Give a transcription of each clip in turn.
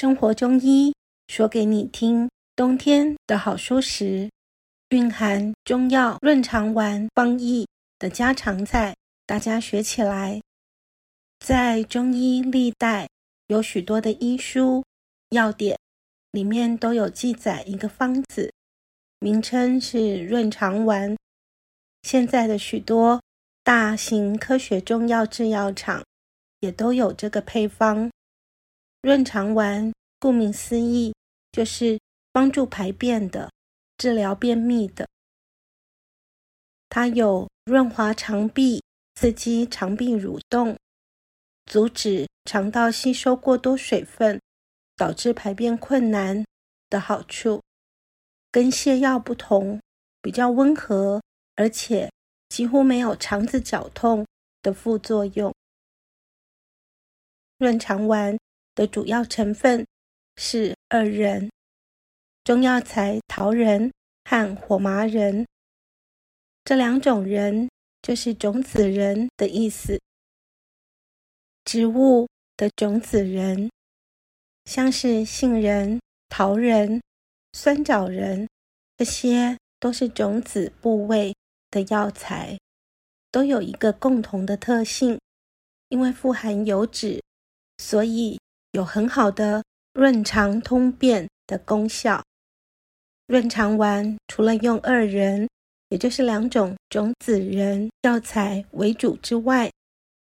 生活中醫說給你聽，冬天的好蔬食蘊含中藥潤腸丸方義的家常菜，大家學起來。在中醫歷代有許多的醫書藥典，裡面都有記載一個方子，名稱是潤腸丸。現在的許多大型科學中藥製藥廠也都有這個配方。潤腸丸顧名思義，就是幫助排便的、治療便秘的。它有潤滑腸壁、刺激腸壁蠕動、阻止腸道吸收過多水分，導致排便困難的好處。跟瀉藥不同，比較溫和，而且幾乎沒有腸子絞痛的副作用。潤腸丸。的主要成分是二仁，中藥材桃仁和火麻仁，這兩種仁就是種子仁的意思。植物的種子仁，像是杏仁、桃仁、酸棗仁，這些都是種子部位的藥材，都有一個共同的特性，因為富含油脂，所以。有很好的潤腸通便的功效。潤腸丸除了用二仁，也就是兩種種子仁藥材為主之外，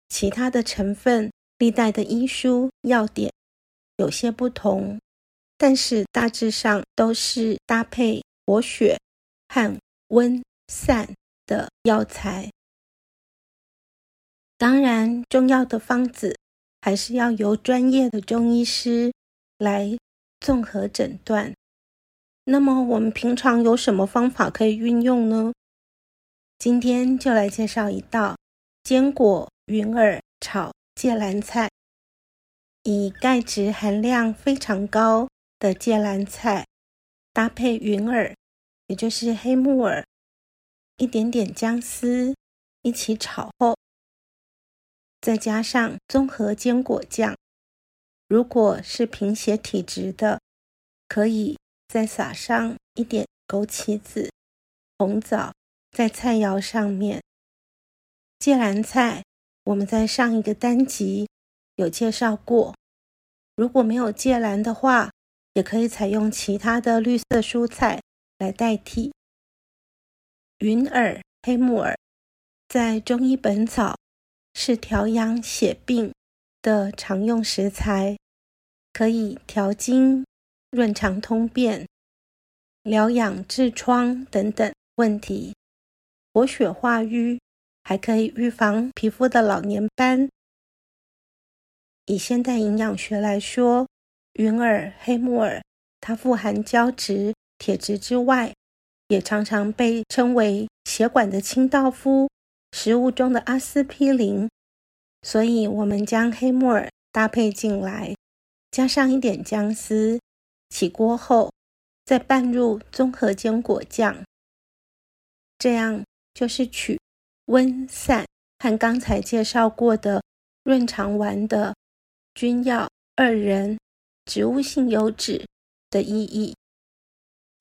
其他的成分，歷代的醫書藥典有些不同，但是大致上都是搭配活血和溫散的藥材。當然，中藥的方子。還是要由專業的中醫師來綜合診斷。那麼我們平常有什麼方法可以運用呢？今天就來介紹一道堅果雲耳炒芥蘭菜。以鈣質含量非常高的芥蘭菜搭配雲耳，也就是黑木耳，一點點薑絲一起炒後。再加上綜合堅果醬，如果是貧血體質的，可以再撒上一點枸杞子、紅棗在菜餚上面。芥蘭菜我們在上一個單集有介紹過，如果沒有芥蘭的話，也可以採用其他的綠色蔬菜來代替。雲耳、黑木耳在中醫本草。是調養血病的常用食材，可以調經、潤腸通便、療養痔瘡等等問題，活血化瘀，還可以預防皮膚的老年斑。以現代營養學來說，雲耳、黑木耳，它富含膠質、鐵質之外，也常常被稱為血管的清道夫。食物中的阿斯匹林，所以我們將黑木耳搭配進來，加上一點薑絲，起鍋後再拌入綜合堅果醬，這樣就是取溫散和剛才介紹過的潤腸丸的君藥二仁、植物性油脂的意義。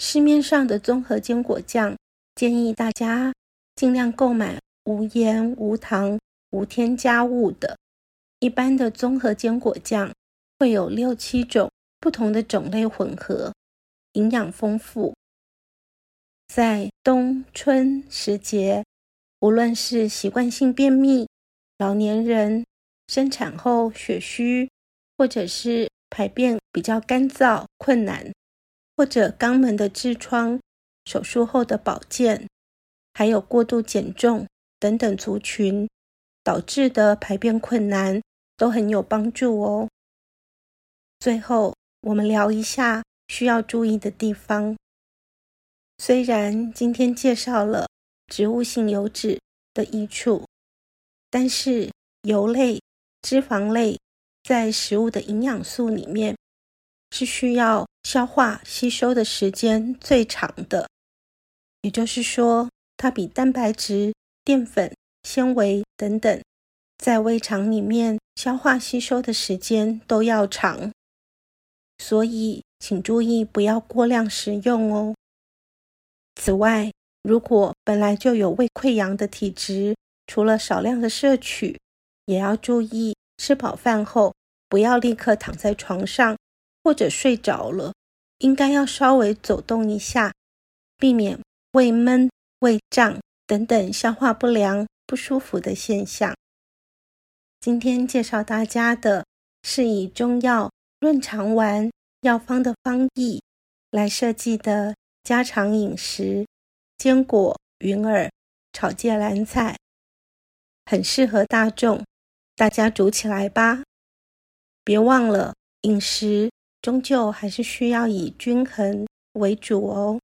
市面上的綜合堅果醬，建議大家盡量購買。無鹽、無糖、無添加物的，一般的綜合堅果醬會有六七種不同的種類混合，營養豐富。在冬春時節，無論是習慣性便秘、老年人生產後血虛，或者是排便比較乾燥困難，或者肛門的痔瘡、手術後的保健，還有過度減重。等等族群導致的排便困難，都很有幫助哦。最後，我們聊一下需要注意的地方。雖然今天介紹了植物性油脂的益處，但是油類、脂肪類在食物的營養素裡面是需要消化吸收的時間最長的，也就是說，它比蛋白質，澱粉、纖維等等，在胃腸裡面消化吸收的時間都要長，所以請注意不要過量食用哦。此外，如果本來就有胃潰瘍的體質，除了少量的攝取，也要注意吃飽飯後不要立刻躺在床上或者睡着了，應該要稍微走動一下，避免胃悶、胃脹。等等，消化不良不舒服的現象。今天介紹大家的是以中藥潤腸丸藥方的方義來設計的家常飲食：堅果、雲耳、炒芥藍菜，很適合大眾。大家煮起來吧！別忘了，飲食終究還是需要以均衡為主哦。